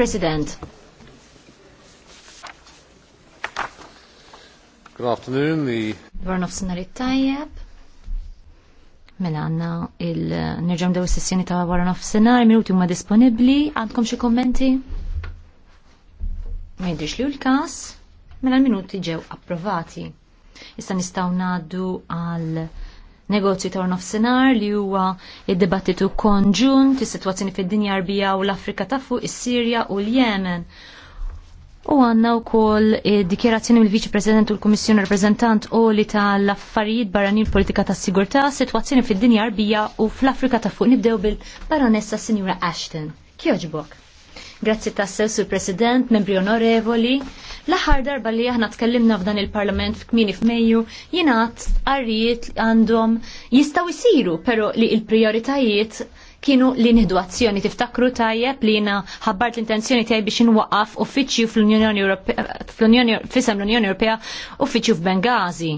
President. Good afternoon, the... Dwar nofsinari tajjeb. Mela għanna il-nerġam daw sessjoni ta' wara Sinari, minuti huma disponibli, għandkom xi kommenti? Ma jidrix li l-kas, mela l-minuti ġew approvati. Issa nistaw naddu għal negozju ta' nofsinhar li huwa id-dibattitu konġunt is-sitwazzjoni fid-dinja Arbija u l-Afrika ta' fuq is-Sirja u l-Yemen. U għanna u id eh, dikjerazzjoni mill viċi President u l-Komissjoni Reprezentant u li tal-affarijiet barranin politika ta' sigurta, situazzjoni fid-dinja Arbija u fl-Afrika ta' fuq nibdew bil-baronessa Sinjura Ashton. Kjoġbok? Grazzi tassew sur President, membri onorevoli. L-aħħar darba li aħna tkellimna f'dan il-Parlament f'kmini f'Mejju, jingħat arrijiet għandhom jistgħu jsiru, però li l-prijoritajiet kienu li nihdu azzjoni. Tiftakru tajjeb li jina ħabbart l-intenzjoni tiegħi biex inwaqaf uffiċċju fl-Unjoni Europea fl-Unjoni, fisem l-Unjoni uffiċċju f'Bengazi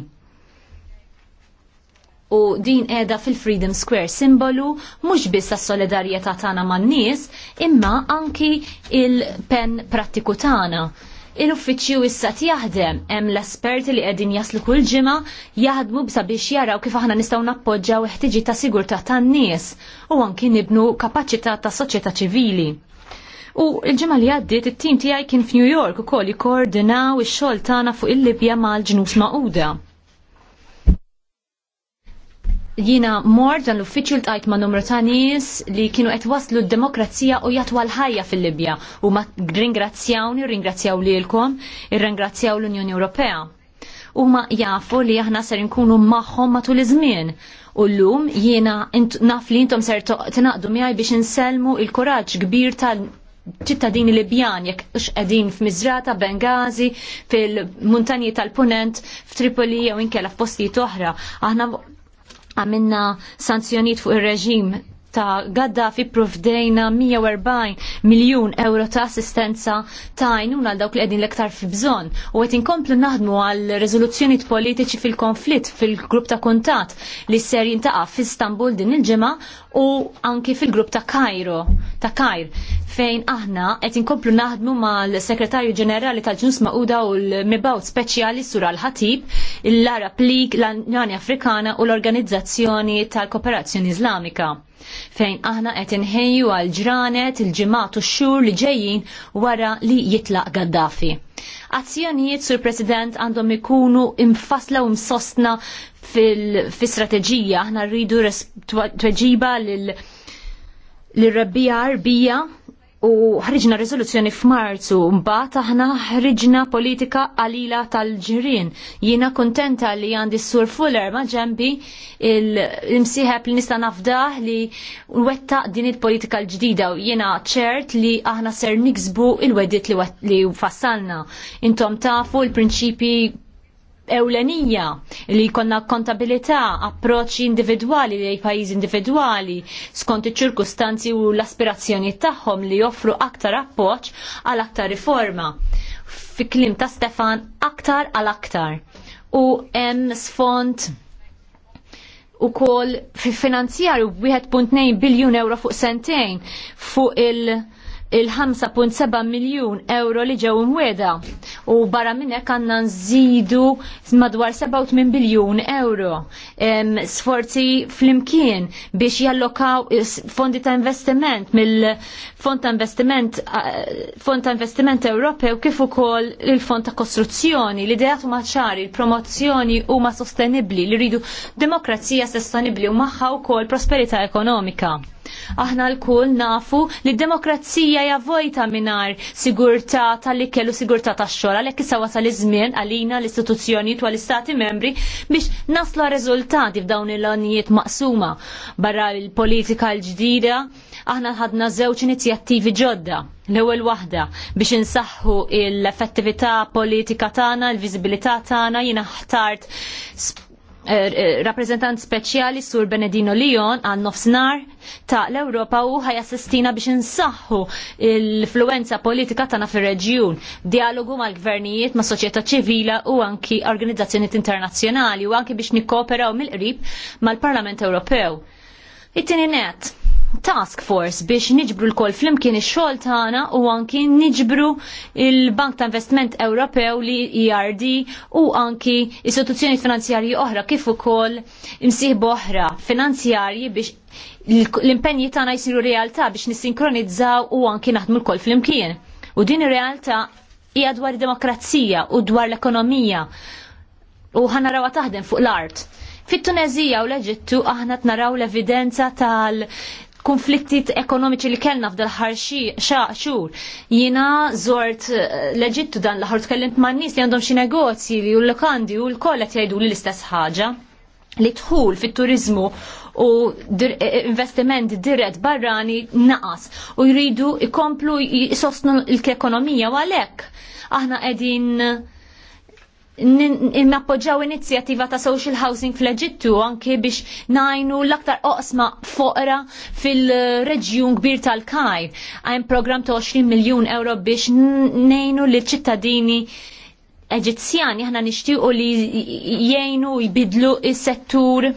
u din qiegħda fil-Freedom Square simbolu mhux biss tas-solidarjetà tagħna man-nies, imma anki il-pen prattiku tagħna il-uffiċċju issa jaħdem hemm l-esperti li qegħdin jaslu kull ġimgħa jaħdmu sabiex jaraw kif aħna nistgħu nappoġġjaw ħtiġi ta' sigurtà tan-nies u anki nibnu kapaċità ta' soċjetà ċivili. U l-ġimgħa li għaddiet it-tim tiegħi kien f'New York ukoll jikkoordinaw ix-xogħol tagħna fuq il-Libja mal-ġnus Magħquda jina mort dan l-uffiċju l-tajt ma' numru ta' nies li kienu qed waslu d-demokrazija u jatwa l-ħajja fil-Libja u ma' ringrazzjawni, ringrazzjaw lilkom, irringrazzjaw l-Unjoni Ewropea. U ma' jafu li aħna ser nkunu magħhom matul iż-żmien. U llum jiena naf li intom ser tinaqdu miħaj biex inselmu il-kuraġġ kbir tal ċittadini Libjan, jekk xqedin f'Mizrata, Bengazi, fil-muntanji tal-Punent, f'Tripoli jew inkella f'postijiet oħra. Aħna għamilna sanzjoniet fuq ir-reġim ta' fi provdejna 140 miljon euro ta' assistenza ta' għajnuna għal dawk li għedin l-ektar fi bżon. U għet inkomplu naħdmu għal rezoluzzjoniet politiċi fil-konflitt fil-grupp ta' kontat li ser jintaqa fi Istanbul din il-ġemma u anki fil-grupp ta' Kajro ta' Kajr fejn aħna qed inkomplu naħdmu mal-Sekretarju Ġenerali tal-Ġnus Maquda u l-Mibawt Speċjali Sur l ħatib l ara League, l-Unjoni Afrikana u l-Organizzazzjoni tal-Kooperazzjoni Islamika fejn aħna qed inħejju għal ġranet il-ġimgħat u x-xhur li ġejjin wara li jitlaq Gaddafi. Azzjonijiet sur President għandhom ikunu imfasla u msostna fil-strateġija aħna rridu tweġiba lil l-rebbija arbija u ħriġna rezoluzzjoni f'Marzu, mbagħad aħna ħriġna politika qalila tal-ġirien. Jiena kuntenta li għandi s-sur Fuller ma' ġembi l-imsieħeb li nista' nafdah li wettaq din il-politika l-ġdida u jiena ċert li aħna ser niksbu il-wedit li, li fassalna. Intom tafu l-prinċipi ewlenija li jkollna kontabilità, approċċi individwali li pajjiżi individwali skont iċ-ċirkustanzi u l-aspirazzjoni tagħhom li joffru aktar appoġġ għal aktar riforma. Fi klim ta' Stefan aktar għal aktar. U hemm sfond u kol fi finanzjar 1.2 biljun euro fuq sentejn fuq il- il-5.7 miljun euro li ġew imweda u barra minn hekk għandna nżidu madwar 87 biljun euro sforzi flimkien biex jallokaw fondi ta' investiment mill-fond ta' investiment fond ta' investiment Ewropew kif ukoll il-fond ta' kostruzzjoni li dejatu maċari il-promozzjoni huma sostenibbli li rridu demokrazija sostenibbli u magħha wkoll prosperità ekonomika. Aħna l-kull nafu li d-demokrazija javvojta minar sigurta tal-ikkel u sigurta tax-xogħol għalhekk issa wasa iż-żmien għalina l-istituzzjoni għal istati membri biex naslu rezultati f'dawn il-lonijiet maqsuma barra l-politika l-ġdida aħna ħadna żewġ inizjattivi ġodda l-ewwel waħda biex insaħħu l-effettività politika tagħna, l vizibilità tagħna jiena ħtart Eh, eh, rappresentant speċjali Sur Benedino Leon għan nofsnar ta' l-Europa u assistina biex nsaħħu l-fluenza politika tagħna fir-reġjun, dialogu mal-gvernijiet, ma' soċjetà ċivila u anki organizzazzjonijiet internazzjonali u anki biex nikkooperaw mill-qrib mal-Parlament Ewropew. It-tieni net, task force biex niġbru l koll flimkien ix-xogħol tagħna u anki niġbru il-Bank ta' Investment Ewropew li ERD u anki istituzzjoni finanzjarji oħra kif ukoll imsieħbu oħra finanzjarji biex l-impenji tagħna jsiru realtà biex nissinkronizzaw u anki naħdmu l koll flimkien. U din ir-realtà hija dwar demokrazija u dwar l-ekonomija u rawa taħdem fuq l-art. Fit-Tunezija u l-Eġittu aħna t-naraw l-evidenza tal konflitti ekonomiċi li kellna f'dal ħarxi xaqxur. Jina zort eh, leġittu dan l-ħar tkellimt ma' nis li għandhom xi negozji li u l-lokandi u l-kollet jgħidu li l-istess ħaġa li tħul fit-turizmu u eh, eh, investiment dirett barrani naqas u jridu ikomplu jisostnu l-ekonomija u għalek. Aħna qegħdin nappoġġaw inizjattiva ta' social housing fl-Eġittu anke biex najnu l-aktar oqsma foqra fil-reġjun kbir tal-Kaj. Għajn program ta' 20 miljon euro biex nejnu l ċittadini Eġizzjani aħna nixtiequ li jgħinu jbidlu il settur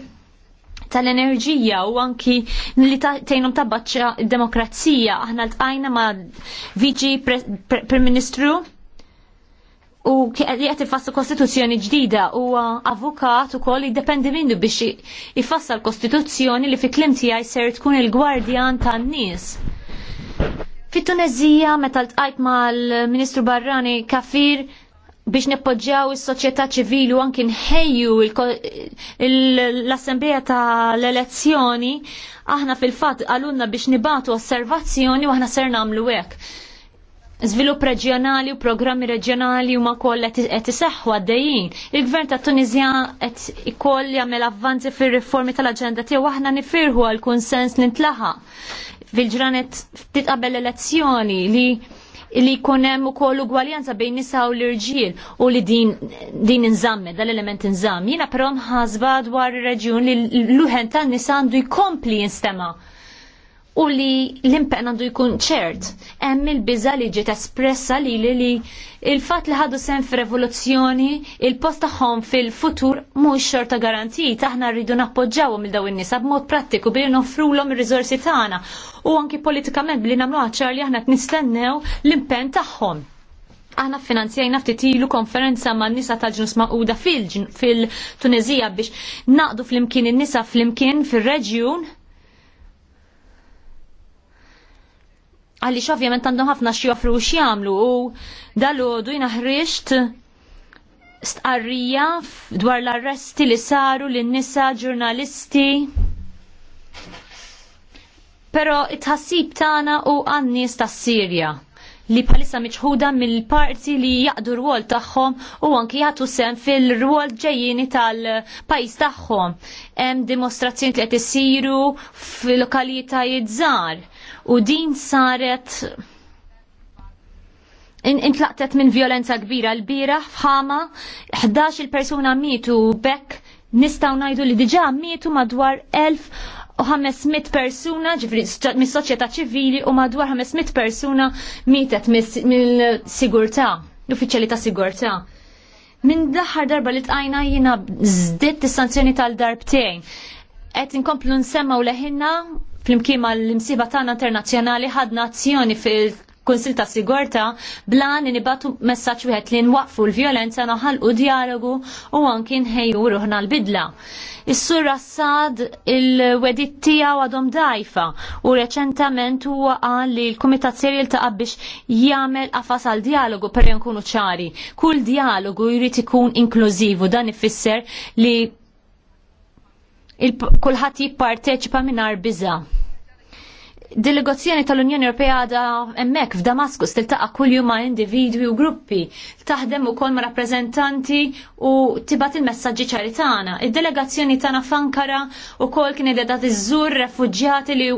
tal-enerġija u anki li tejnum tabbaċċa demokrazija. Aħna l-tqajna ma' Viġi Prim Ministru u li qed fassu kostituzzjoni ġdida u uh, avukat ukoll jiddependi minnu biex ifassal kostituzzjoni li fi klim tiegħi ser tkun il-gwardjan tan-nies. Fit-Tunezija meta ma' mal-Ministru Barrani Kafir biex neppoġġjaw is-soċjetà ċivili u anki nħejju l-assembleja tal elezzjoni aħna fil-fatt għalunna biex nibatu osservazzjoni u aħna ser nagħmlu hekk Zvilup reġjonali u programmi reġjonali huma kollha qed iseħħu għaddejjin. Il-gvern ta' Tunizja et ikoll jagħmel avvanzi fir-riformi tal-aġenda tiegħu aħna nifirħu għal kunsens li fil-ġranet ftit qabel elezzjoni li li kunem u koll ugwaljanza bejn nisa u l-irġiel u li din, din inżamme, dal-element inżamme. Jina però nħasba dwar ir reġjun li l-luħen tan nisa għandu jkompli jinstema' u li l-impen għandu jkun ċert. Hemm il-biża li ġiet espressa li li li il-fatt li ħadu sen f-revoluzzjoni il-post tagħhom fil-futur mhux xorta garantit aħna rridu nappoġġawhom il daw in-nisa b'mod prattiku billi nofrulhom ir-riżorsi tagħna u anki politikament billi nagħmlu ċar li aħna nistennew l-impen tagħhom. Aħna finanzjajna ftit ilu konferenza ma' nisa tal-ġnus maquda fil-Tunezija biex naqdu fl-imkien in-nisa fl-imkien fil-reġjun għaliex ovvjament għandhom ħafna xi joffru xi jagħmlu u dalodu jiena jnaħriċt stqarrija dwar l-arresti li saru lin nisa ġurnalisti. Pero it-ħassib tagħna u għan-nies tas-Sirja li palissa miċħuda mill-parti li jaqdu r-wol tagħhom u anki jgħatu sen fil-rwol ġejjini tal-pajjiż tagħhom. Hemm dimostrazzjoni li qed isiru f'lokalitajiet żgħar u din saret intlaqtet minn violenza kbira l-bira fħama 11 il-persuna mietu bekk nistaw najdu li diġa mietu madwar 1500 persuna ġifri mis soċjetà ċivili u madwar 500 persuna mietet mill-sigurtà, l-uffiċjali ta' sigurtà. Minn daħħar darba li tqajna jiena zdit is-sanzjoni tal-darbtejn. Qed inkomplu nsemmaw leħinna flimkien mal-imsiba tagħna internazzjonali ħadna azzjoni fil Kunsil ta' Sigorta blan nibatu messaġġ wieħed li nwaqfu l-vjolenza naħalqu dialogu u anki nħejju ruħna l-bidla. Is-sur Assad il-wedit tiegħu għadhom dajfa u reċentament huwa qal li l-Kumitat Serjel ta' biex jagħmel qafas għal dialogu per nkunu ċari. Kull dialogu jrid ikun inklużivu dan ifisser li kulħadd jipparteċipa mingħajr biza'. Delegazzjoni tal-Unjoni Ewropea għadha hemmhekk f'Damaskus tiltaqa' kuljum ma' individwi u gruppi, taħdem ukoll ma' rappreżentanti u tibgħat il-messaġġi ċari tagħna. Id-delegazzjoni tagħna f'Ankara wkoll kien qiegħda tiżżur refuġġjati li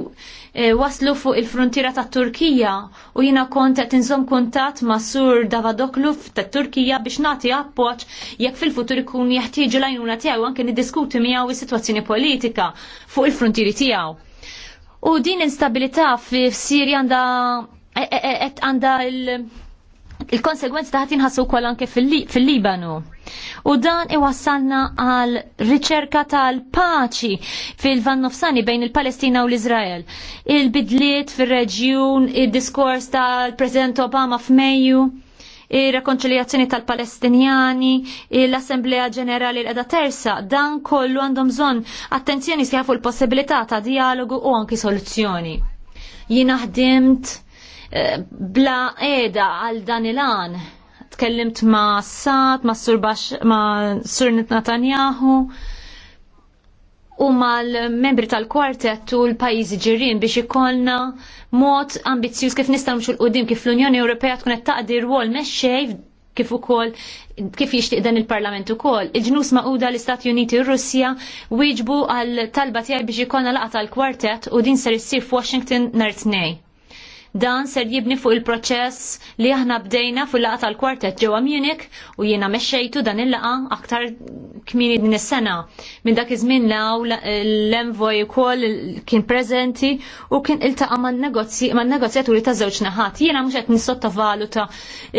E, waslu fuq il-frontiera ta' Turkija u jina kont qed inżomm kuntatt ma' Sur Davadoklu ta' Turkija biex nagħti appoġġ jekk fil-futur ikun jeħtieġu l-għajnuna tiegħu anke niddiskuti miegħu is-sitwazzjoni politika fuq il-frontieri tiegħu. U din instabilità f'Sirja għandha e, e, għandha il-konsegwenzi ta' ħatin wkoll kol anke fil-Libanu. fil libanu U dan iwassalna għal riċerka tal-paċi fil-van nofsani bejn il-Palestina u l-Izrael. Il-bidliet fil-reġjun, il-diskors tal-President Obama f'Mejju, il-rekonċiljazzjoni tal-Palestinjani, l-Assemblea Ġenerali l-Eda Tersa, dan kollu għandhom bżonn attenzjoni sjafu l-possibilità ta' dialogu u anki soluzzjoni. Jien ħdimt eh, bla eda għal dan il-an tkellimt ma' Sad, ma' Sur, Bash, ma' Sur Netanyahu u mal-membri tal-kwartet u l-pajizi ġirien biex ikollna mod ambizjuż kif nistgħu mxu l-qudiem kif l-Unjoni Ewropea tkun qed taqdi rwol mexxej kif ukoll kif jixtieq dan il-Parlament ukoll. Il-ġnus maquda l-Istati Uniti u Russja wieġbu għal talba tiegħi biex ikollna laqgħa tal-kwartet u din ser issir f'Washington nhar tnejn Dan ser jibni fuq il-proċess li aħna bdejna fuq laqa tal-kwartet ġewwa Munich u jiena mexxejtu dan il-laqa aktar kmini din is-sena. Minn dak iż-żmien law l-envoy ukoll kien preżenti u kien iltaqa' man-negozjaturi ta' żewġ naħat. Jiena mhux qed nissottovaluta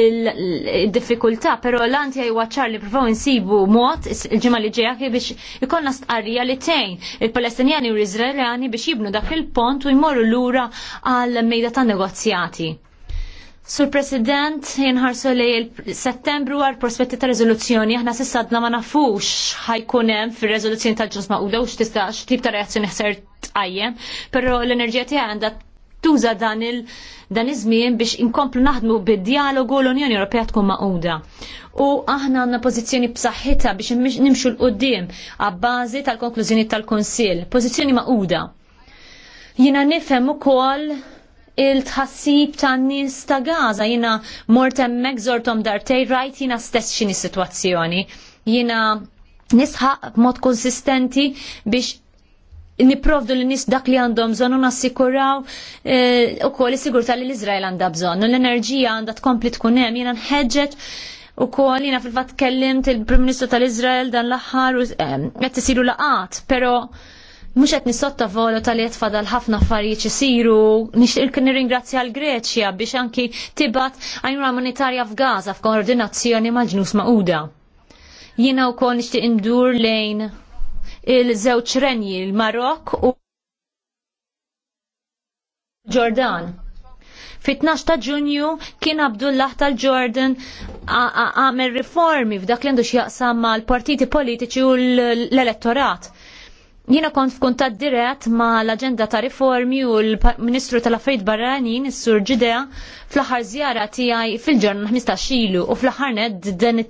id diffikultà però l-anti ċar li provaw insibu mod il-ġimgħa li ġejja biex ikollna stqarrija li tejn il-Palestinjani u l-Iżraeljani biex jibnu dak il-pont u jmorru lura għal mejda tan negozju negozjati. Sur President, jenħarsu li settembru għal prospetti ta' rezoluzzjoni, aħna s-sadna ma nafux ħajkunem fil rezoluzzjoni tal-ġus u dawx tista' tip ta' reazzjoni ħser tqajjem, pero l-enerġija tiegħi għandha tuża dan il dan iż-żmien biex inkomplu naħdmu bid-dialogu l-Unjoni Ewropea tkun maquda. U aħna għandna pożizzjoni b'saħħitha biex nimxu l-qudiem għabbażi tal-konklużjoni tal-Kunsill, pożizzjoni maquda. Jiena nifhem ukoll il-tħassib tan nies ta' Gaza jiena mort megżortom żortom dartej rajt jina stess xini sitwazzjoni. Jiena nisħaq b'mod konsistenti biex niprovdu li nis dak li għandhom bżonn u nassikuraw eh, u kol sigurta li l-Izrael għandha bżonn. L-enerġija għandha tkompli tkun hemm jiena nħeġġeġ u kol jiena fil-fatt kellimt il-Prim Ministru tal-Izrael dan l-aħħar u eh, qed isiru laqat, pero mux għet nisotta volo tal-jiet fadal ħafna affarijiet isiru, nirringrazzja l-Greċja biex anki tibat għajnuna monetarja f'Gaza f'koordinazzjoni mal-ġnus ma'uda. Jina u kol nishtiq indur lejn il-żewċ renji, il-Marok u Ġordan. Fit-12 ta' ġunju kien Abdullah tal-Ġordan għamel riformi f'dak li għandu x'jaqsam mal-partiti politiċi u l-elettorat Jiena kont f'kuntat dirett ma l-agenda ta' riformi u l-Ministru tal-Affarijiet Barranin, is-Sur Ġidea, fl-aħħar żjara tiegħi fil ġorn 15 ilu u fl-aħħar ned dan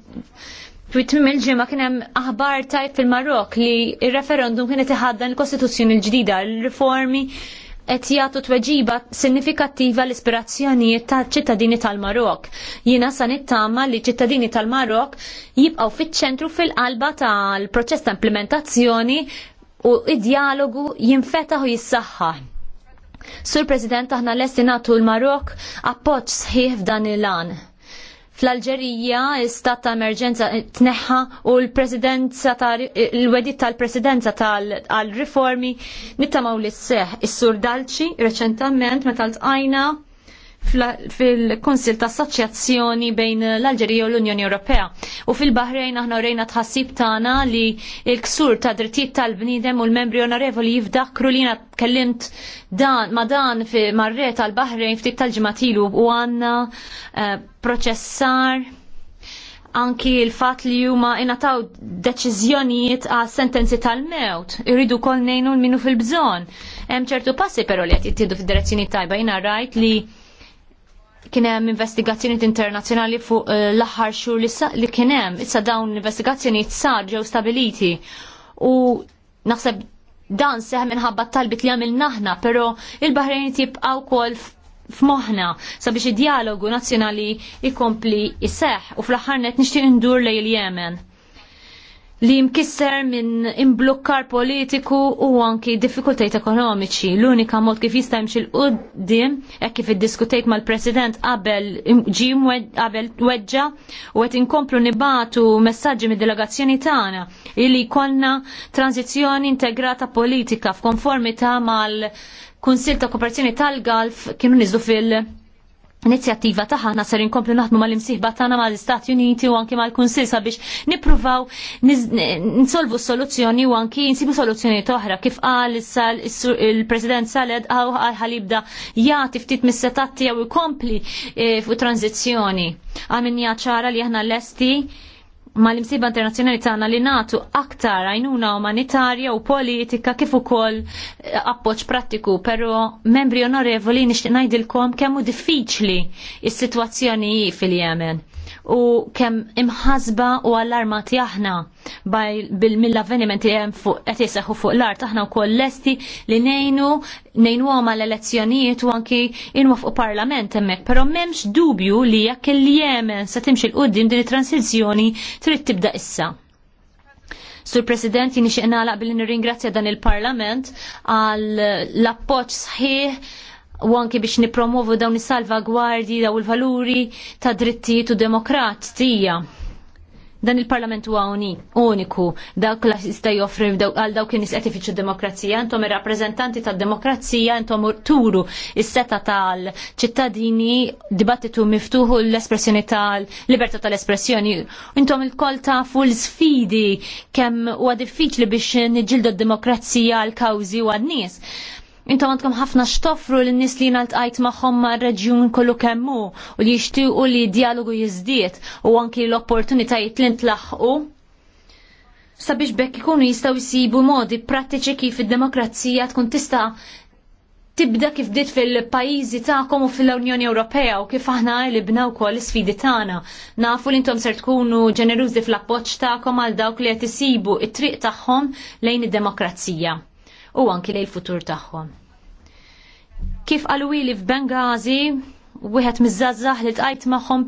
Twitmim il-ġimma kien hemm aħbar tajb fil-Marok li r referendum kienet iħaddan il-Kostituzzjoni l-ġdida, l-riformi qed jagħtu tweġiba sinifikattiva l-ispirazzjonijiet ta' ċittadini tal-Marok. Jiena sa nittama li ċittadini tal-Marok jibqgħu fiċ-ċentru fil-qalba tal-proċess ta' implementazzjoni u id-dialogu jinfetaħ u jissaħħaħ. Sur President, aħna lesti natu l-Marok appoġġ sħiħ f'dan il lan Fl-Alġerija, istat ta' emerġenza tneħħa u l-presidenza l-wedit tal-presidenza tal-riformi nittamaw l seħ Is-sur Dalċi, reċentament, meta l-tqajna fil-Konsil ta' Assoċjazzjoni bejn l-Alġerija u l-Unjoni Ewropea. U fil-Bahrejn aħna rejna tħassib tagħna li l-ksur ta' drittijiet tal-bniedem u l-membri onorevoli jifdakru li jiena kellimt dan ma dan fi marre tal-Bahrejn ftit tal-ġimatilu u għandna eh, proċessar anki l-fat li huma inataw deċiżjonijiet għal sentenzi tal-mewt, irridu kol nejnu l-minu fil-bżon. Hemm ċertu passi però li qed jittieħdu fid-direzzjoni tajba jiena rajt li kien hemm investigazzjonijiet internazzjonali fuq eh, l-aħħar xhur li kien hemm. Issa dawn l-investigazzjonijiet sar ġew stabiliti u naħseb dan seħ minħabba talbit li għamil naħna, pero il-Bahrejn tibqaw kol f'moħna sabiex id-dialogu nazzjonali ikompli jseħ u fl-aħħar net nixtieq indur lejl Yemen li mkisser minn imblukkar politiku u anki diffikultajt ekonomiċi. L-unika mod kif jista' jimxi l-qoddim, hekk kif iddiskutejt mal-President qabel ġim qabel weġġa u qed inkomplu nibatu messaġġi mid-delegazzjoni tagħna illi jkollna tranzizjoni integrata politika f'konformità mal-Kunsil ta' Kooperazzjoni tal-Galf kienu niżdu fil- inizjattiva taħna ser inkomplu naħdmu mal-imsiħba tagħna mal-Istati Uniti u anki mal-Kunsil sabiex nippruvaw nsolvu soluzzjoni u anki nsibu soluzzjoni toħra kif qal il-President Saled għaw għal jibda jagħti ftit mis-setat jew jkompli eh, fuq tranzizzjoni. Għamin ċara li aħna lesti ma l-imsiba internazjonali tagħna li natu aktar għajnuna umanitarja u politika kif ukoll eh, appoġġ prattiku, però membri onorevoli nixtieq ngħidilkom kemm hu diffiċli s-sitwazzjoni fil-Yemen u kemm imħazba u allarmati aħna mill-avvenimenti li jiseħħu fuq l-art aħna wkoll lesti li ngħinu nejnu għama l-elezzjonijiet u anki fuq parlament hemmhekk, però m'hemmx dubju li jekk il-Jemen se timx il qudiem din it-transizzjoni trid tibda issa. Sur President, jini xeqna billi nirringrazzja dan il-Parlament għal l-appoċ sħiħ u anki biex nipromovu dawn is-salvagwardji daw il-valuri ta' drittijiet u demokratija. Dan il-parlament huwa uniku, dawk la jista' joffri għal dawk li nisqed demokrazija, intom ir-rappreżentanti tad-demokrazija intom turu is-seta tal-ċittadini dibattitu miftuħu l-espressjoni tal-libertà tal-espressjoni. Intom il-kol ta' l-sfidi kemm huwa diffiċli biex niġildu d-demokrazija għal kawżi u għal nies Intom għandkom ħafna xtofru l-nis li l-tajt maħom ma' reġjun kollu kemmu u li jishtiqu li dialogu jizdiet u anki l-opportunitajiet li ntlaħqu. Sabiex bekk ikunu jistaw jisibu modi prattiċi kif id-demokrazija tkun tista' tibda kif dit fil-pajjiżi tagħkom u fil-Unjoni Ewropea u kif aħna libna wkoll l-isfidi tagħna. Nafu li intom ser tkunu ġenerużi fl-appoġġ tagħkom għal dawk li qed it-triq tagħhom lejn id-demokrazija u anki lejl futur tagħhom. Kif qalu li f'Bengazi, wieħed miż-żazzah li tqajt magħhom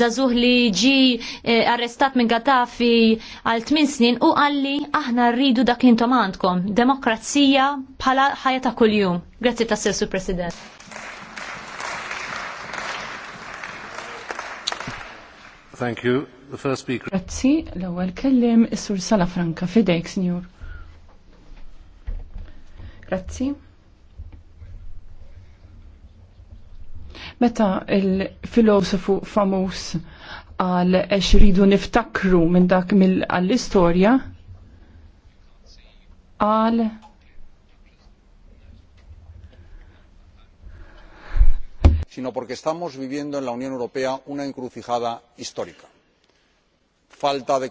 żagħżugħ li ġi eh, arrestat minn Gaddafi għal tmien snin u qal li aħna rridu dak li intom għandkom, demokrazija bħala ħajja ta' kuljum. Grazzi ta' Sessu President. Thank you. The first speaker. Grazzi, l-ewwel kellim is-Sur Sala Franka fidejk, Sinjur. Grazzi. Meta il-filosofu famus għal ex ridu niftakru minn dak mill-istorja, għal sino porque estamos viviendo en la unión europea una encrucijada histórica falta de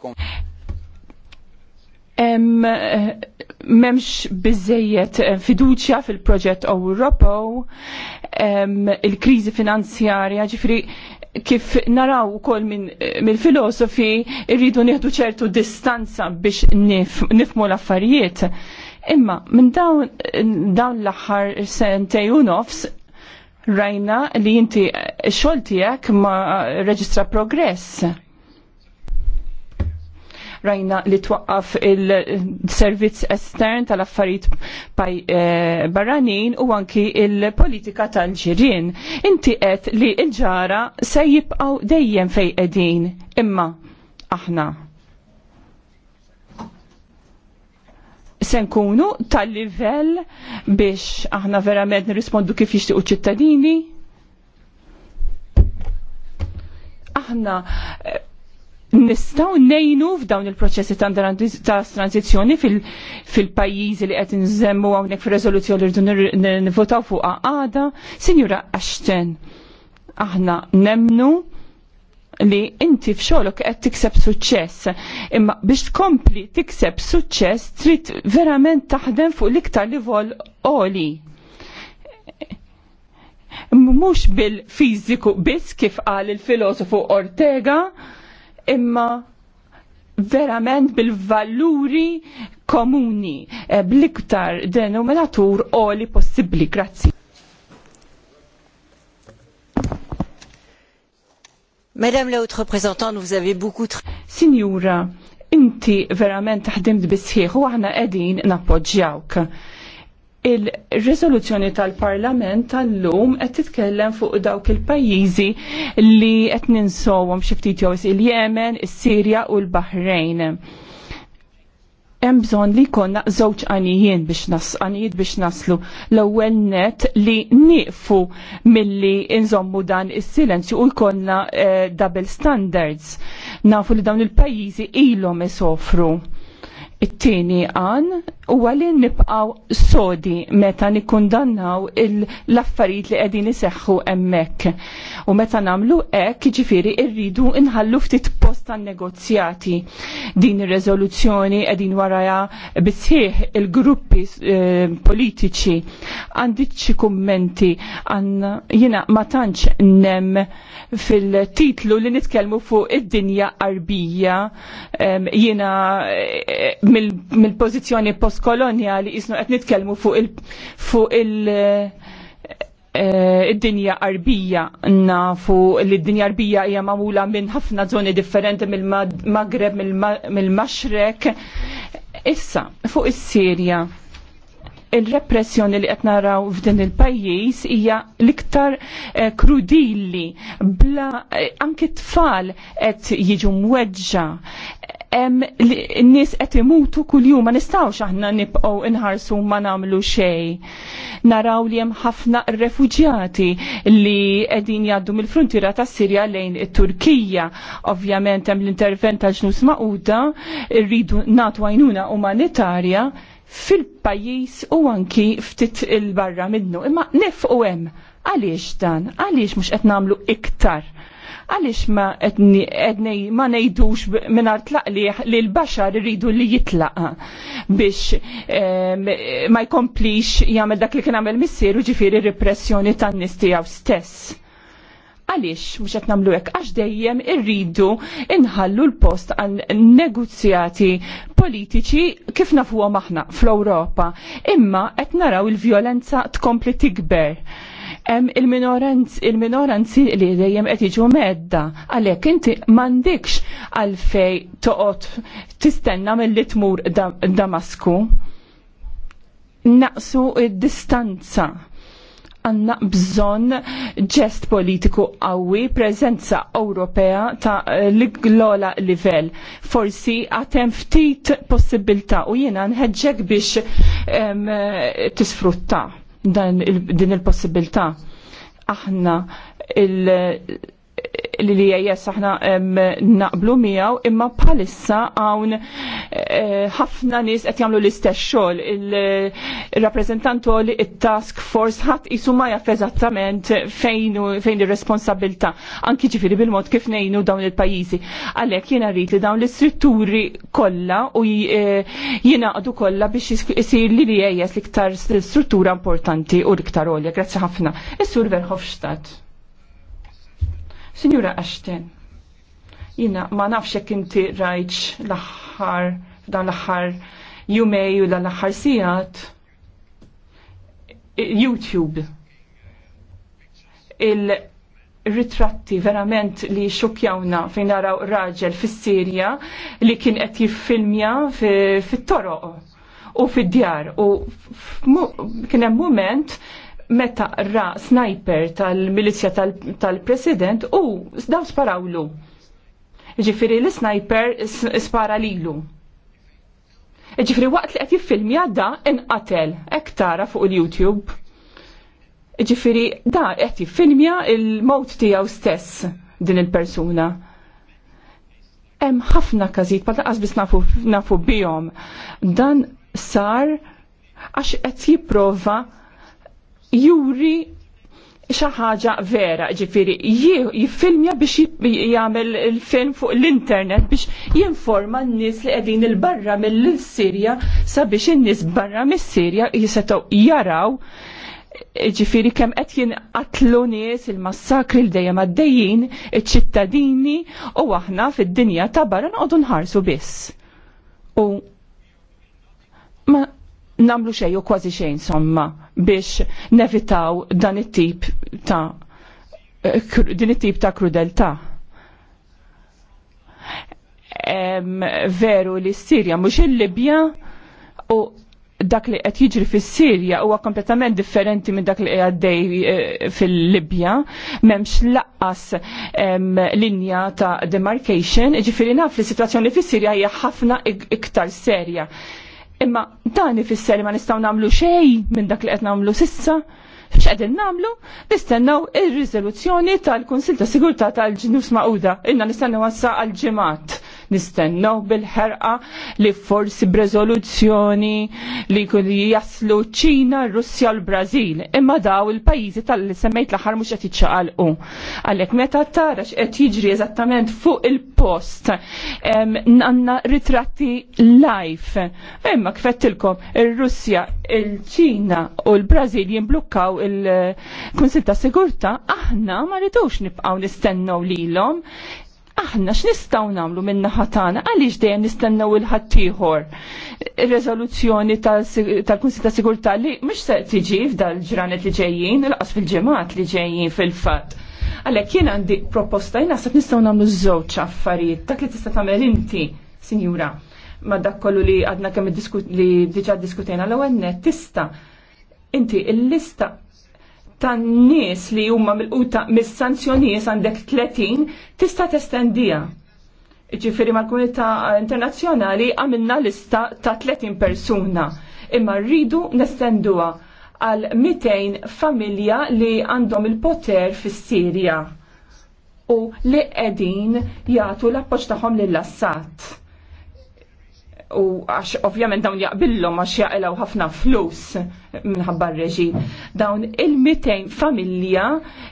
memx bizzejiet eh, fiduċja fil-proġett Ewropew, il-krizi finanzjarja, ġifri kif naraw ukoll eh, mill-filosofi irridu nieħdu ċertu distanza biex nifmu l-affarijiet. Imma minn dawn, l-aħħar sentej u nofs rajna li inti eh, xogħol tiegħek ma reġistra progress rajna li twaqqaf il-servizz estern tal-affarijiet eh, barranin u anki il-politika tal-ġirien. Inti qed li l-ġara se jibqgħu dejjem fejn qegħdin imma aħna se nkunu tal-livell biex aħna verament nirrispondu kif jixtiequ ċittadini. Aħna eh, nistaw nejnu f'dawn il-proċessi ta' tranzizjoni fil-pajjiżi li qed nżemmu hawnhekk fir-reżoluzzjoni li rridu nivvotaw fuqha għada, Sinjura Ashton, aħna nemnu li inti f'xogħolok qed tikseb suċċess. Imma biex tkompli tikseb suċċess trid verament taħdem fuq l-iktar livell għoli. mhux bil-fiżiku biss kif qal il-filosofu Ortega, imma verament bil-valuri komuni eh, bl-iktar denominatur li possibbli. Grazzi. Madame la haute représentante, vous avez beaucoup Signora, inti verament taħdimt bisħiħ u aħna qegħdin nappoġġjawk il-rezoluzzjoni tal-Parlament tal-lum qed titkellem fuq dawk il-pajjiżi li qed ninsowhom xi ftit jew il-Yemen, is-Sirja u l bahrejn Hemm bżonn li jkollna żewġ għanijien biex nas għanijiet biex naslu l-ewwel net li nieqfu milli inżommu dan is-silenzju u jkollna eh, double standards. Nafu li dawn il-pajjiżi ilhom isofru it-tieni għan u għalin nibqaw sodi meta nikkundannaw l-affarijiet li qegħdin iseħħu hemmhekk. U meta nagħmlu hekk ġifieri rridu inħallu ftit post tan-negozjati. Din ir rezoluzzjoni qegħdin waraja bisħieħ il-gruppi eh, politiċi għandi xi kummenti għan jina ma tantx nem fil-titlu li nitkellmu fuq id-dinja arbija jiena eh, mill-pożizzjoni postkoloniali jisnu qed nitkellmu fuq il- fuq il- eh, Eh, id-dinja qarbija nafu li d-dinja qarbija hija magħmula minn ħafna żoni differenti mill-Magreb, mill-Maxrek. Issa, fuq is-Sirja, il-repressjoni li qed naraw f'din il-pajjiż hija l-iktar eh, krudili bla eh, anke tfal qed jiġu mweġġa n-nis qed imutu kuljum ma nistgħux aħna nibqgħu inħarsu ma nagħmlu xejn. Naraw li hemm ħafna refuġjati li qegħdin jgħaddu mill fruntiera tas-Sirja lejn it-Turkija. Ovvjament hemm l-intervent tal-ġnus maquda, rridu nagħtu għajnuna umanitarja, fil-pajis u anki ftit il-barra minnu. Imma nef u hemm għaliex dan, għaliex mhux qed nagħmlu iktar. Għaliex ma etni, ma nejdux minar tlaqliħ li l-baxar rridu li jitlaq biex ehm, ma jkomplix jagħmel dak li kien għamel missieru ġifieri repressjoni tan-nistijaw stess Għaliex mhux qed nagħmlu hekk għax dejjem irridu inħallu l-post għal negozjati politiċi kif nafuwa maħna fl-Ewropa. Imma qed naraw il-vjolenza tkompli tikber il-minoranzi il li dejjem qed jiġu medda għalhekk inti m'għandikx għalfej toqgħod tistenna milli tmur Damasku. Naqsu id-distanza għanna bżon ġest politiku għawi, prezenza Ewropea ta' l għlola livell. Forsi għatem ftit possibilta u jena nħedġek biex tisfrutta din il-possibilta. Aħna il- li li jess aħna naqblu miegħu imma bħalissa hawn eh, ħafna nies qed jagħmlu l-istess xogħol il-rappreżentantu li it-task force ħadd isu ma jaf eżattament fejn il ir-responsabilità anki ġifieri bil-mod kif ngħinu dawn il-pajjiżi. Għalhekk jiena rrit li dawn l-istrutturi kollha u eh, jingħaqdu kollha biex isir li li jess l-iktar struttura importanti u l-iktar għolja. Grazzi ħafna. Is-sur Verhofstadt. Signora Ashton, jina ma nafx jekk inti rajċ l-aħħar, f'dan l-aħħar jumej u l-aħħar sijat, YouTube. Il-ritratti verament li xokjawna fejn naraw raġel fis-Sirja li kien qed jiffilmja fit-toroq u fid-djar u kien hemm mument meta ra sniper tal-milizja tal-president u daw sparawlu. Ġifiri l-sniper spara lilu. Ġifiri waqt li qed jiffilmja da inqatel hekk tara fuq il-YouTube. Ġifiri da qed jiffilmja il-mowt tiegħu stess din il-persuna hemm ħafna kazit, ma taqqas nafu, nafu Dan sar għax qed jipprova juri xaħġa vera, ġifiri, jiffilmja biex jgħamil il-film fuq l-internet biex jinforma n-nis li għedin il-barra mill-Sirja sabiex n-nis barra mill-Sirja jisetaw jaraw ġifiri kem qed jinqatlu nies il-massakri l dejjem għaddejjin iċ-ċittadini u aħna fid-dinja ta' barra nqogħdu nħarsu biss. U ma namlu xejn u kważi xejn somma biex nevitaw dan it-tip ta' eh, din it-tip ta' krudeltà. Veru li s-Sirja mhux il-Libja u dak li qed jiġri fis-Sirja huwa kompletament differenti minn dak li għaddej eh, fil-Libja, m'hemmx laqqas linja ta' demarcation, ġifieri naf li situazzjoni fis-Sirja hija ħafna iktar serja. Imma dan ifisser ma nistgħu nagħmlu xejn minn dak li qed nagħmlu sissa. X'qegħdin nagħmlu? Nistennew ir-riżoluzzjoni tal-Kunsil ta' Sigurtà tal-Ġnus Maquda. Inna nistennew għassa għal ġimgħat nistennew bil-ħerqa li forsi b'reżoluzzjoni li jaslu ċina, Russja u l-Brażil. Imma daw il-pajjiżi tal-li semmejt l-aħħar mhux qed jiċċaqalqu. Għalhekk meta tara x'qed jiġri eżattament fuq il-post nanna ritratti live. Imma kfettilkom ir-Russja, il-Ċina u l-Brażil jimblukkaw il-Kunsil ta' Sigurta aħna ma ridux nibqgħu nistennew lilhom aħna x'nistgħu nagħmlu minn naħa tagħna għaliex dejjem nistennew il-ħaddieħor ir-reżoluzzjoni tal-Kunsil ta' Sigurtà li mhux se tiġi f'dal-ġranet li ġejjin, ilqas fil-ġimgħat li ġejjin fil-fatt. Għalhekk jien għandi proposta jien naħseb nistgħu nagħmlu żewġ affarijiet dak li tista' tagħmel inti, Sinjura, ma dak kollu li għadna kemm li diġà diskutejna l-ewwel tista' inti l-lista tan-nies li huma mil quta mis-sanzjonijiet għandek 30 tista' testendija. Ġifieri mal-komunità internazzjonali għamilna lista ta' 30 persuna imma rridu nestenduha għal 200 familja li għandhom il-poter fis-Sirja u li qegħdin jagħtu l-appoġġ tagħhom lill-Assad. U għax ovvjament dawn jaqbillhom għax jaqilgħu ħafna flus minħabba reġi. Dawn il-200 familja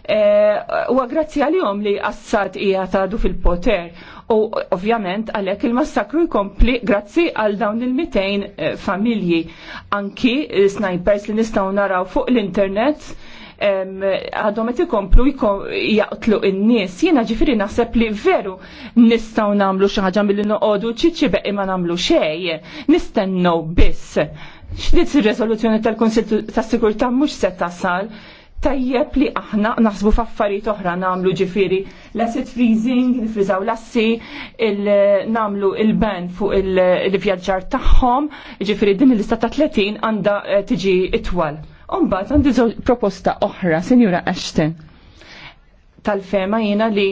eh, u għagrazzi għal-jom li Assad għadu fil-poter u ovvjament għalek il-massakru jkompli grazzi għal dawn il-200 eh, familji. Anki snipers li nistaw naraw fuq l-internet għadhom qed ikomplu jaqtlu n-nies. Jiena ġifieri naħseb li veru nistgħu nagħmlu xi ħaġa milli noqogħdu ċiċċi beqi ma nagħmlu xejn. Nistennew biss Xdiet ir-reżoluzzjoni tal-Konsil tas-Sigurtà mhux se tasal tajjeb li aħna naħsbu f'affarijiet oħra nagħmlu ġifieri l-asset freezing, nifriżaw l-assi, nagħmlu il-ban fuq il-vjaġġar tagħhom, jiġifieri din il-lista ta' 30 għandha eh, tiġi itwal. Umbagħad għandi proposta oħra, Sinjura Ashton. Tal-fema jiena li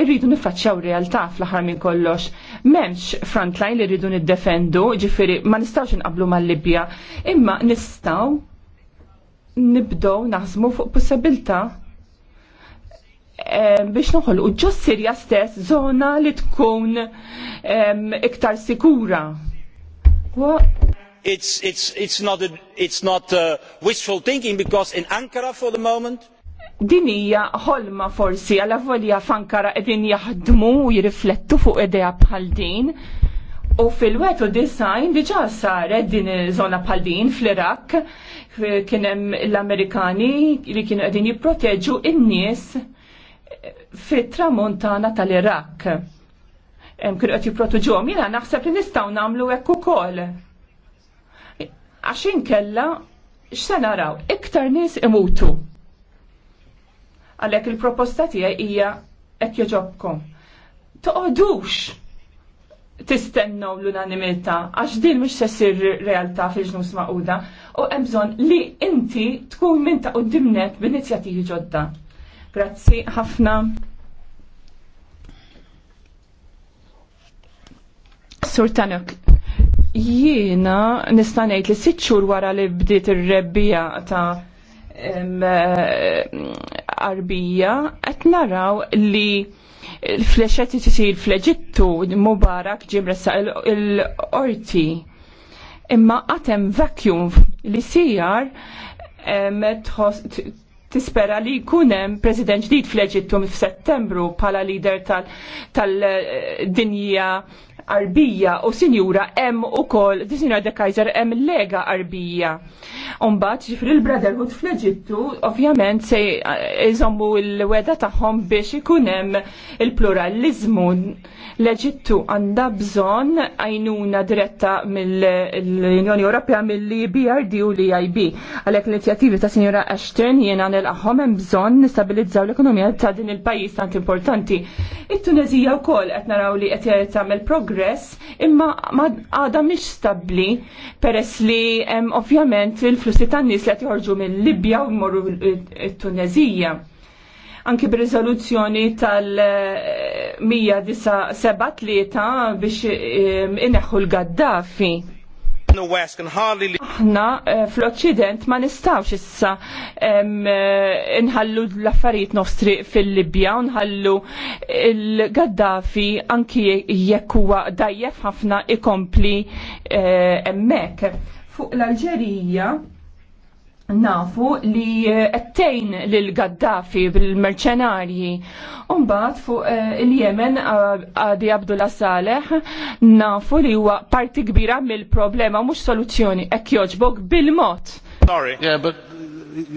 irridu niffaċċjaw realtà fl-aħħar minn kollox. M'hemmx frontline li rridu niddefendu, ġifieri ma nistgħux inqablu mal-Libja, imma nistgħu nibdow naħsmu fuq possibilità eh, biex noħolqu ġo Sirja stess zona li tkun iktar sikura. It's, it's, it's not, a, it's not uh, wishful thinking because in Ankara for the moment dinija ħolma forsi għal volja fankara edin jaħdmu u jirriflettu fuq idea bħal din. U fil u design diġa saret din zona bħal din fl-Irak kienem l-Amerikani li kienu edin jipproteġu in-nies fit-tramontana tal-Irak. Kienu qed jipproteġuhom, jiena naħseb li nistgħu nagħmlu hekk ukoll. Għaxin kella x'se naraw, iktar nies imutu Għalhekk il-proposta tiegħi hija qed joġobkom. Toqodux tistennu l-unanimità għax din mhux se ssir realtà fil-ġnus maquda u hemm bżonn li inti tkun minn ta' dimnet b'inizjattivi ġodda. Grazzi ħafna. Sur jiena nista' ngħid li sitt xhur wara li bdiet ir-rebbija ta' qarbija qed naraw li l-flexet tisir fl-Eġittu Mubarak mressa l-orti. Imma għatem vacuum li sijar tispera li hemm president ġdid fl-Eġittu f-settembru pala lider tal-dinja arbija u sinjura em u kol, sinjura de Kaiser em lega arbija. Umbat, ġifri il-Brotherhood fl-Eġittu, ovvjament, se eh, jżommu l-weda taħħom biex ikunem il-pluralizmu. L-Eġittu għanda bżon għajnuna diretta mill-Unjoni Ewropea mill-BRD u l-IB. E Għalek l-inizjativi ta' Signora Ashton jena nil għahom hemm bżon nistabilizzaw l-ekonomija ta' din il-pajis tant importanti. It-Tunezija u kol qed naraw li qed tagħmel progress imma għada mhix stabbli peress li ovvjament il flussi tan nis li qed joħorġu libja u jmorru t-Tunezija anki b'riżoluzzjoni tal-173 biex eh, ineħħu l-Gaddafi. Aħna eh, fl-Occident ma nistawx issa eh, nħallu l-affarijiet nostri fil-Libja u nħallu l gaddafi anki jekk huwa dajjef ħafna ikompli hemmhekk fuq l-Alġerija nafu li għattejn lil-Gaddafi bil-merċenarji. Umbat fuq eh, il-Jemen għadi eh, Abdullah Saleh nafu li huwa parti kbira mill-problema mux soluzzjoni ek joġbok bil mot Sorry. Yeah, but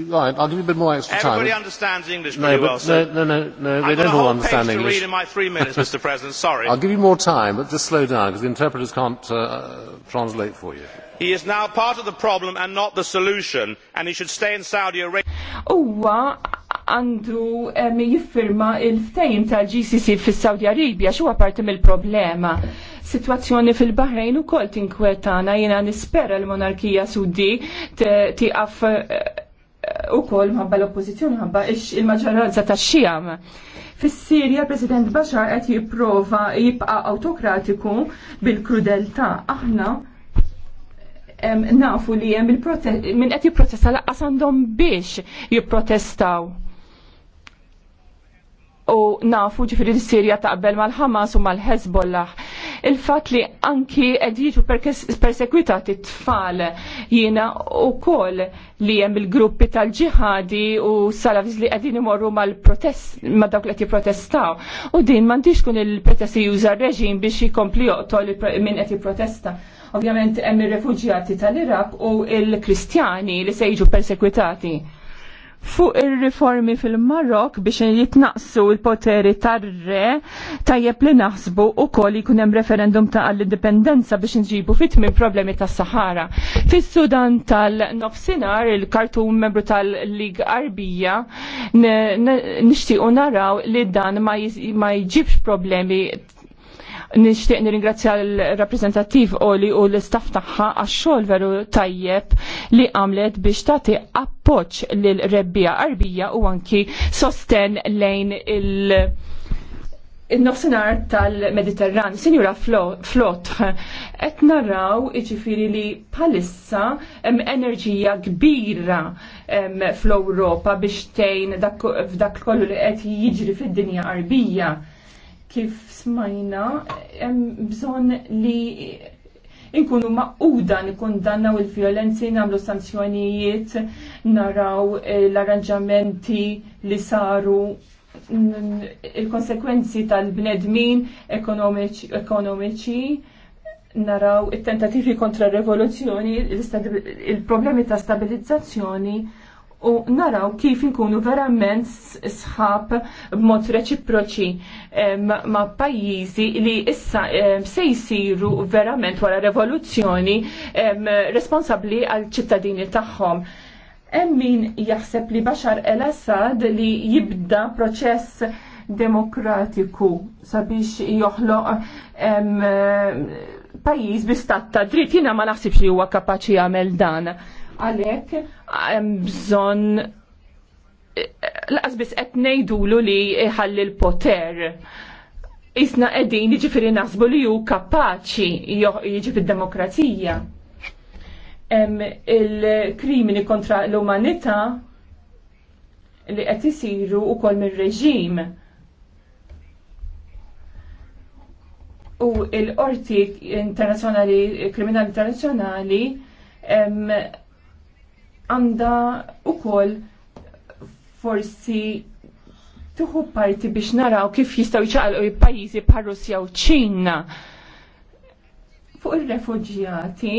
right, I'll give you a bit more extra time. Everybody understands English pretty no, well. sir. no, no, no, no, they don't all understand English. I've got a whole page to read in my three minutes, Mr. President. Sorry. I'll give you more time, but just slow down because the interpreters can't uh, translate for you. He is now part of the problem and not the solution, and he should stay in Saudi Arabia. Uwa għandu jiffirma il-ftejn tal-GCC fis saudi Arabia xuwa parti mill-problema. Situazzjoni fil-Bahrejn u kol tinkwetana jena nispera l-monarkija Suddi tiqaf eh, eh, u kol mħabba l-oppozizjoni mħabba il-maġġoranza ta' xijam. Fis-Sirja, President Bashar qed jipprova jibqa' autokratiku bil-krudeltà. Aħna nafu li hemm il-protest min qed jiprotesta laqqas għandhom biex jipprotestaw u nafu ġifiri l-Sirja taqbel mal-Hamas u mal-Hezbollah. Il-fat li anki qed jiġu persekwitati t-tfal jiena u kol li hemm il-gruppi tal-ġihadi u salavis li qegħdin imorru mal-protest ma' dawk li protestaw. jipprotestaw. U din m'għandix kun il protesti juża reġim biex jikompli joqtol minn qed jipprotesta. Ovvjament hemm ir-refuġjati tal-Iraq u l-Kristjani li se jiġu persekwitati fuq ir-riformi fil-Marok biex jitnaqsu l-poteri tar-re tajjeb li naħsbu u koll jkun hemm referendum ta' l-indipendenza biex nġibu fit minn problemi tas-Sahara. Fis-Sudan tal-Nofsinar, il-kartum membru tal-Lig Arbija, nixtiequ naraw li dan ma jġibx problemi Nixtieq nirringrazzja l-rappreżentattiv Oli u l-istaff tagħha għax-xogħol veru tajjeb li għamlet biex tagħti appoġġ lill rebbija qarbija u anki sosten lejn il- il-nofsenar tal-Mediterran, Sinjura Flot, et naraw iġifiri li palissa em, enerġija kbira fl-Europa biex tejn f'dak kollu li qed jiġri fid-dinja qarbija kif smajna, hemm bżonn li inkunu maquda nikkundannaw il-violenzi, nagħmlu sanzjonijiet, naraw eh, l-arranġamenti li saru il-konsekwenzi tal-bnedmin ekonomiċi, naraw it-tentativi kontra revoluzzjoni, il-problemi ta' stabilizzazzjoni u naraw kif inkunu verament sħab b'mod reċiproċi ma' pajjiżi li issa se jsiru verament wara revoluzzjoni responsabbli għal ċittadini tagħhom. Hemm min jaħseb li Bashar el-Assad li jibda proċess demokratiku sabiex joħloq pajjiż bi stat ta' dritt jiena ma naħsibx li huwa kapaċi jagħmel dan. Għalhekk hemm bżonn laqas biss qed ngħidulu li ħalli l-poter. Isna qegħdin jiġifieri naħsbu li hu kapaċi jiġi fid-demokrazija. Il-krimini kontra l-umanità li qed isiru wkoll mir-reġim. U l-Qorti Internazzjonali Kriminali Internazzjonali għanda u kol forsi tuħu parti biex naraw kif jistaw jċaqalqu il-pajizi parrusja Russja u ċina fuq il-refugjati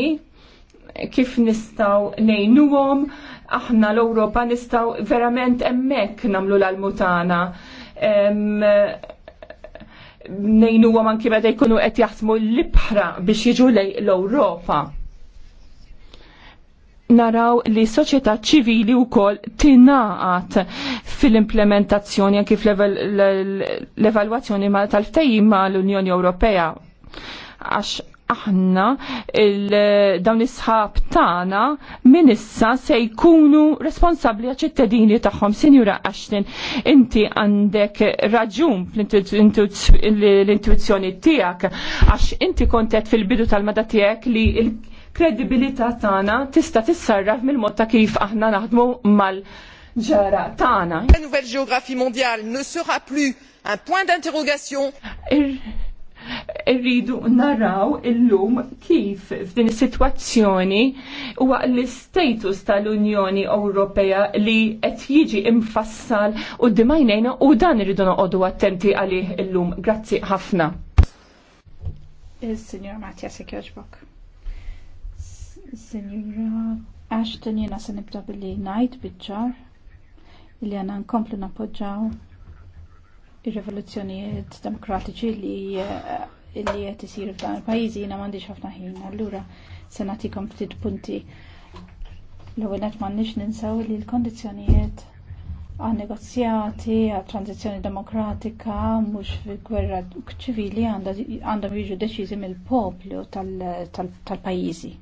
kif nistaw nejnuwom aħna l-Ewropa nistaw verament emmek namlu l-almutana. Nejnuhom anki beda jkunu qed jaħsmu l-ibħra biex jiġu lej l-Ewropa naraw li soċjetà ċivili wkoll tingħaqad fil-implementazzjoni anki l evalwazzjoni tal-ftehim l unjoni Ewropea. Għax aħna dawn is-sħab tagħna min issa se jkunu responsabbli għaċ-ċittadini tagħhom. Sinjura Ashton, inti għandek raġun l-intuizzjoni tiegħek għax inti kontet fil-bidu tal-mada tiegħek li il- kredibilità tagħna tista' tissarraf mill-mod ta' kif aħna naħdmu mal- ġara tagħna. La nouvelle géographie mondiale ne sera plus un point d'interrogation. Irridu naraw illum kif f'din is-sitwazzjoni huwa l-istatus tal-Unjoni Ewropea li qed jiġi imfassal u dimajnejna u dan irridu noqogħdu attenti għalih illum. Grazzi ħafna. Is-Sinjor Mattia Sekjoġbok. Senjura, Ashton jena se nibda billi najt bitċar li għana nkomplu napoġġaw ir-revoluzzjonijiet demokratiċi li eh, li qed isir f'dan il-pajjiżi jiena m'għandix ħafna ħin. Allura se nagħtikom ftit punti. L-ewwel qed m'għandniex ninsew li l-kondizzjonijiet għan negozjati għal tranzizzjoni demokratika mhux fi gwerra ċivili għandhom jiġu deċiżi mill-poplu tal-pajjiżi.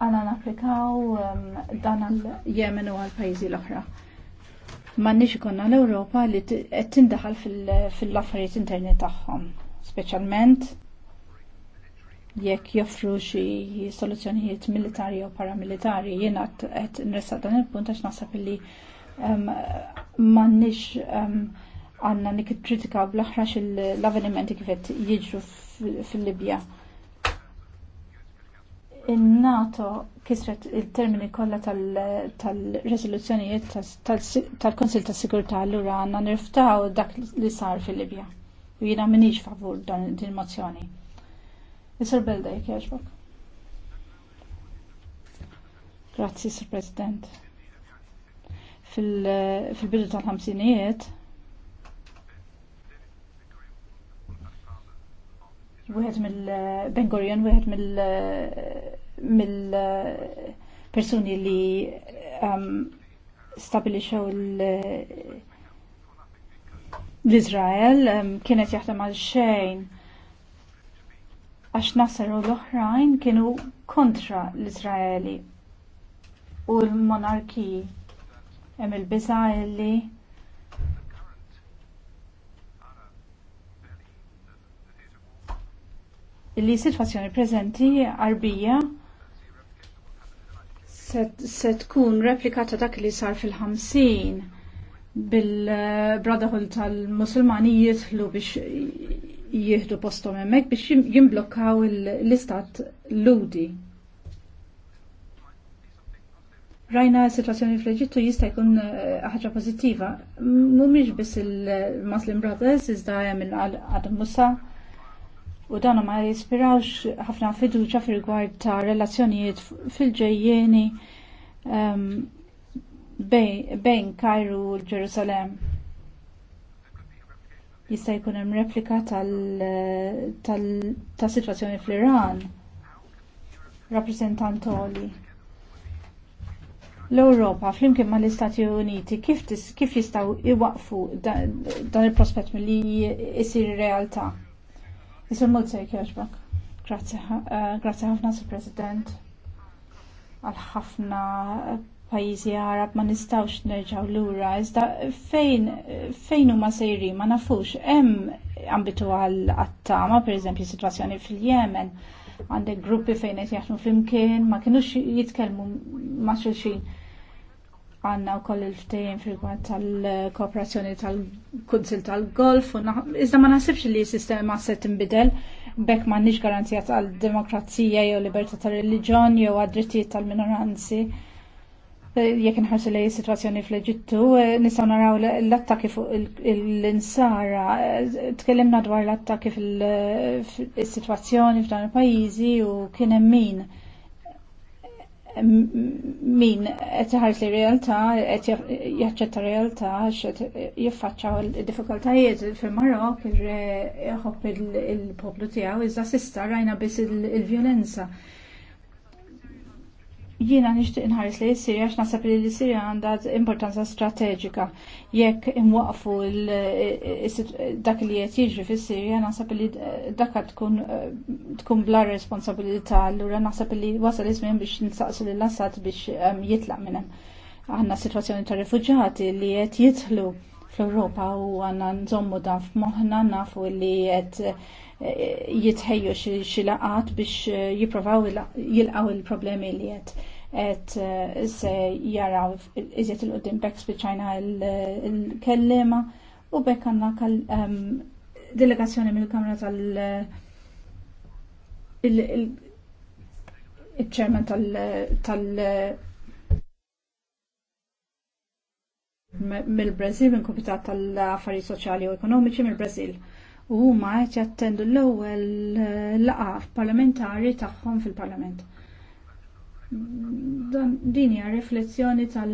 għana naplikaw um, dan għal-Jemen u għal-pajzi l-oħra. Mannix ikonna l-Europa li tindaħal fil-affarijiet interni tagħhom, speċjalment jekk joffru xi soluzzjonijiet militari u paramilitari. Jiena qed nressa dan il-punt għax naħseb li um, m'għandniex um, għandna nikkritika bl-aħrax l-avvenimenti kif qed jiġru fil-Libja. fil libja in-NATO kisret il-termini kollha tal-resoluzzjonijiet tal-Konsil tas Sigurtà allura għandna nirftaw dak li sar fil-Libja. U jiena minix favur dan din mozzjoni. Isir Belda jek jaxbok? Grazzi, Sir President. Fil-bidu tal-ħamsinijiet, wieħed mill-Ben Gurion, wieħed mill- mill-persuni li um, stabilixew l-Izrael um, kienet jaħdem għal xejn għax Nasser u l-oħrajn kienu kontra l-Izraeli u l-monarkiji hemm il-biża li li situazzjoni preżenti arbija se tkun replika ta' dak li sar fil-50 bil-brotherhood tal-Musulmani jidħlu biex jieħdu postom hemmhekk biex jimblokkaw l-istat ludi. Rajna situazzjoni fl-Eġittu jista' jkun eh, ħaġa pożittiva. Mhumiex biss il-Muslim Brothers iżda hemm il-Qadam Musa u dan ma jispirawx ħafna fiduċa fil-gwar ta' relazzjonijiet fil-ġejjeni um, ehm, bejn Kajru u Ġerusalem jista' jkun hemm replika tas-sitwazzjoni fl-Iran. Rappresentant oli. L-Ewropa flimkien mal istati Uniti kif, kif jistgħu iwaqfu dan il-prospett milli jsir realtà? Isur Mutzer Kirchbach. Grazie ħafna, Sir President. Għal ħafna eh, pajjiżi Arab ma nistawx nerġaw lura. Iżda fejn fejn huma sejri ma nafux. Hemm ambitu għal attama, pereżempju sitwazzjoni fil-Yemen, għandek gruppi fejn qed jaħdmu flimkien, ma kinux jitkellmu ma' xulxin għanna u koll il-ftejn fil tal-kooperazzjoni tal-Kunsil tal-Golf, iżda ma nasibx li s-sistema set tinbidel, bekk ma nix garanzija tal-demokrazija jew libertà tal-reliġjon jew għad-drittijiet tal-minoranzi. E, jekk nħarsu li situazzjoni fl-Eġittu, e, nistgħu naraw l-attakki fuq l-insara, e, tkellimna dwar l-attakki fil-situazzjoni f'dan il-pajjiżi u kien hemm min min qed iħares li realtà qed jaċċetta realtà xed jiffaċċaw il-diffikultajiet fil-Marok jħobb il-poplu tiegħu iżda s'ista rajna biss il-vjolenza. Jiena nixtieq inħares li s-Sirja għax naħseb li l-Sirja għandha importanza strateġika. Jekk imwaqfu dak li qed jiġri fis-Sirja naħseb li dak tkun tkun bla responsabilità allura naħseb li wasal iż-żmien biex nsaqsu l Assad biex jitlaq minn hemm. situazzjoni sitwazzjoni ta' rifugġati li qed jidħlu fl-Ewropa u għandna nżommu daf moħna nafu li qed jitħejju xi laqat biex eh, jipprovaw jilqaw il-problemi li qed qed eh, se jaraw iżjed il-qudiem bekk spiċċajna l kellema u bekk għandna ehm, delegazzjoni mill-Kamra tal- il ċerman tal- mill-Brazil, minn Kumitat tal-Affarijiet Soċjali u Ekonomiċi mill-Brazil u huma qed jattendu l-ewwel eh, laqa parlamentari tagħhom fil-Parlament. Din hija riflessjoni tal-